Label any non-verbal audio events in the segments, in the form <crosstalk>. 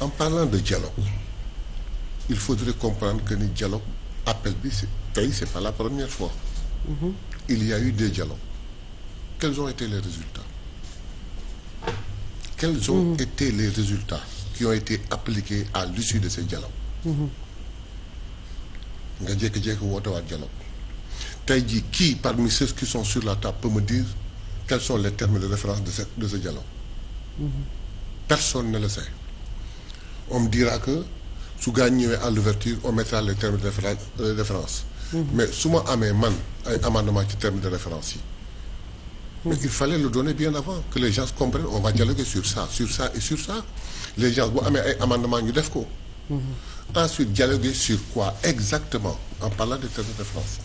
en parlant de dialogue il faudrait comprendre que ni dialogue appel bi c'est tey c'est pas la première fois mm-hmm. il y a eu des dialogues quels ont été les résultats quels ont mm été les résultats qui ont été appliqués à l'issue de ces dialogues mhm. nga jékki-jékki woote waat dialogue tey jii kii parmi ceux qui sont sur la table peut me dire quels sont les termes de référence de ce de ce dialogue mhm. personne ne le sait on me dira que su gaañ ñëwee à l'ouverture on mettra les termes de euh, référence mm-hmm. mais su ma amee man ay amendement ci termes de référence yi mm-hmm. mais il fallait le donner bien avant que les gens comprennent on va dialoguer sur ça sur ça et sur ça les gens bu amee ay amendement ñu def ko mm-hmm. ensuite dialoguer sur quoi exactement en parlant des termes de référence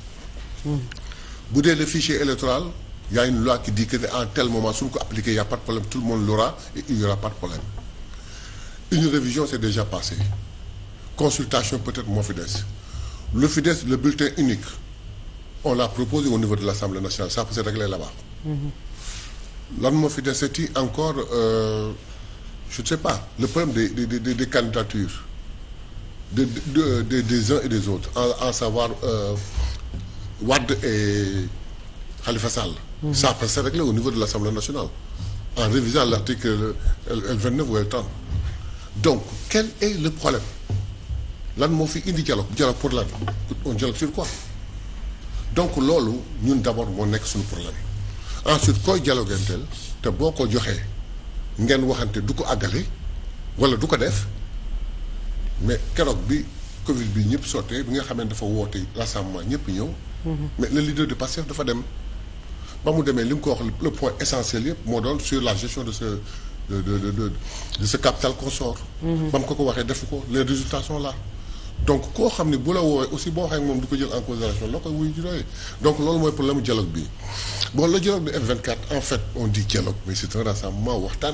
bu dee le fichier électoral y a une loi qui dit que en tel moment suñu ko appliqué y a pas de problème tout le une révision c'est déjà passé consultation peut-être moo fi des lu fi des le bulletin unique on l'a proposé au niveau de l'Assemblée nationale ça peut se régler là-bas mm-hmm. lan moo fi deseti encore euh, je ne sais pas le problème des des des, des candidatures des uns et des autres en, en savoir euh, Wade et Khalifa Sall mmh. régler au niveau de l'Assemblée nationale en révisant l'article ou L30 donc quel est le problème lan moo fi indi dialogue dialogue pour lan on dialogue sur quoi donc loolu ñun d'abord moo nekk suñu problème ensuite koy dialoguenteel te boo ko joxee ngeen waxante du ko àggale wala du ko def mais keroog bi Covid bi ñëpp sottee bi nga xam ne dafa woote rassemblement ñëpp ñëw. mais le leader de Pastef dafa dem ba mu demee li mu ko wax le point essentiel yëpp moo doon sur la gestion de ce. de de de de ce capital qu'on sort. Mhm. ba mu ko ko waxee defu ko les résultats sont donc koo xam ne bu la woowee aussi boo waxee ak moom du ko jël en considération loo koy wuy ji doyee donc loolu mooy problème dialogue bi bon le dialogue de F24 en fait on dit dialogue mais c'est un rassemblement waxtaan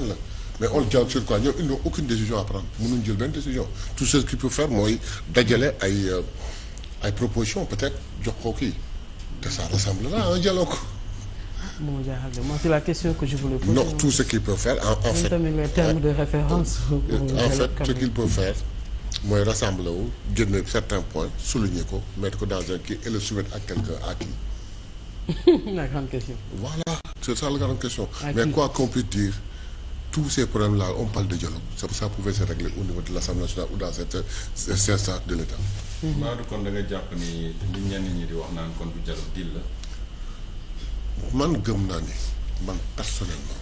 mais on dialogue sur quoi ñoom ils n'ont aucune décision à prendre mënuñ jël benn décision tout ce qu'ils peuvent mooy dajale ay euh, ay propositions jox ko kii te ça ressemble là à un moo jaaxal de moi c'est la question que je voulais poser. non tout ce qu'il peut faire en en fait. de référence. en fait ce qu'il peut faire. mooy rassembler wu génne certains points souligner ko mettre ko dans un kii et le soumettre à quelqu'un à qui. <laughs> la grande question. voilà c'est ça la grande question. mais quoi qu'on puisse dire. tous ces problèmes-là on parle de dialogue ça ça pouvait se régler au niveau de l'Assemblée nationale de l'État. maa du kon da jàpp ni li ñenn ñi di wax naan kon du man gëm naa ni man personnellement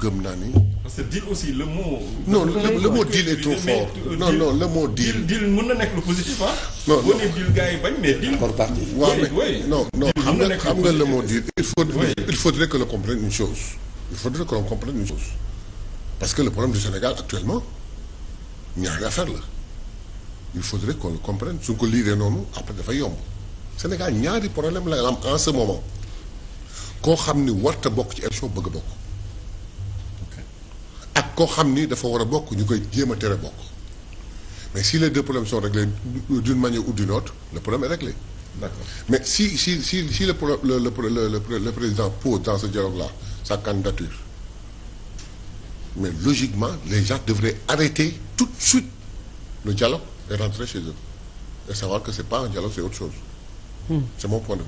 gëm naa ni. parce que deal aussi le mot. non le, le, le mot deal est trop fort non non le mot deal. deal mën na nekk lu positif ah. non non deal gars yi bañ mais deal. waaw mais non non le mot deal. il faut il faudrait que l'on comprenne une chose il faudrait que l'on comprenne une chose parce que le problème du Sénégal actuellement ñaari affaire la il faudrait qu'on le comprenne suñ ko liiree noonu après dafay yomb Sénégal ñaari problème la am en ce moment. koo xam ni warta bokk ci élection bëgg a bokk ak koo xam ni dafa war a bokk ñu koy jéem a tere bokk mais si les deux problèmes soo réglés d'une manière ou d'une autre le problème est réglé d'accord mais si si si si le le le le président pose dans ce dialogue là sa candidature mais logiquement les gens devraient arrêter tout de suite le dialogue et rentrer chez eux et savoir que c'est pas un dialogue c'est autre chose hmm. c'est mon point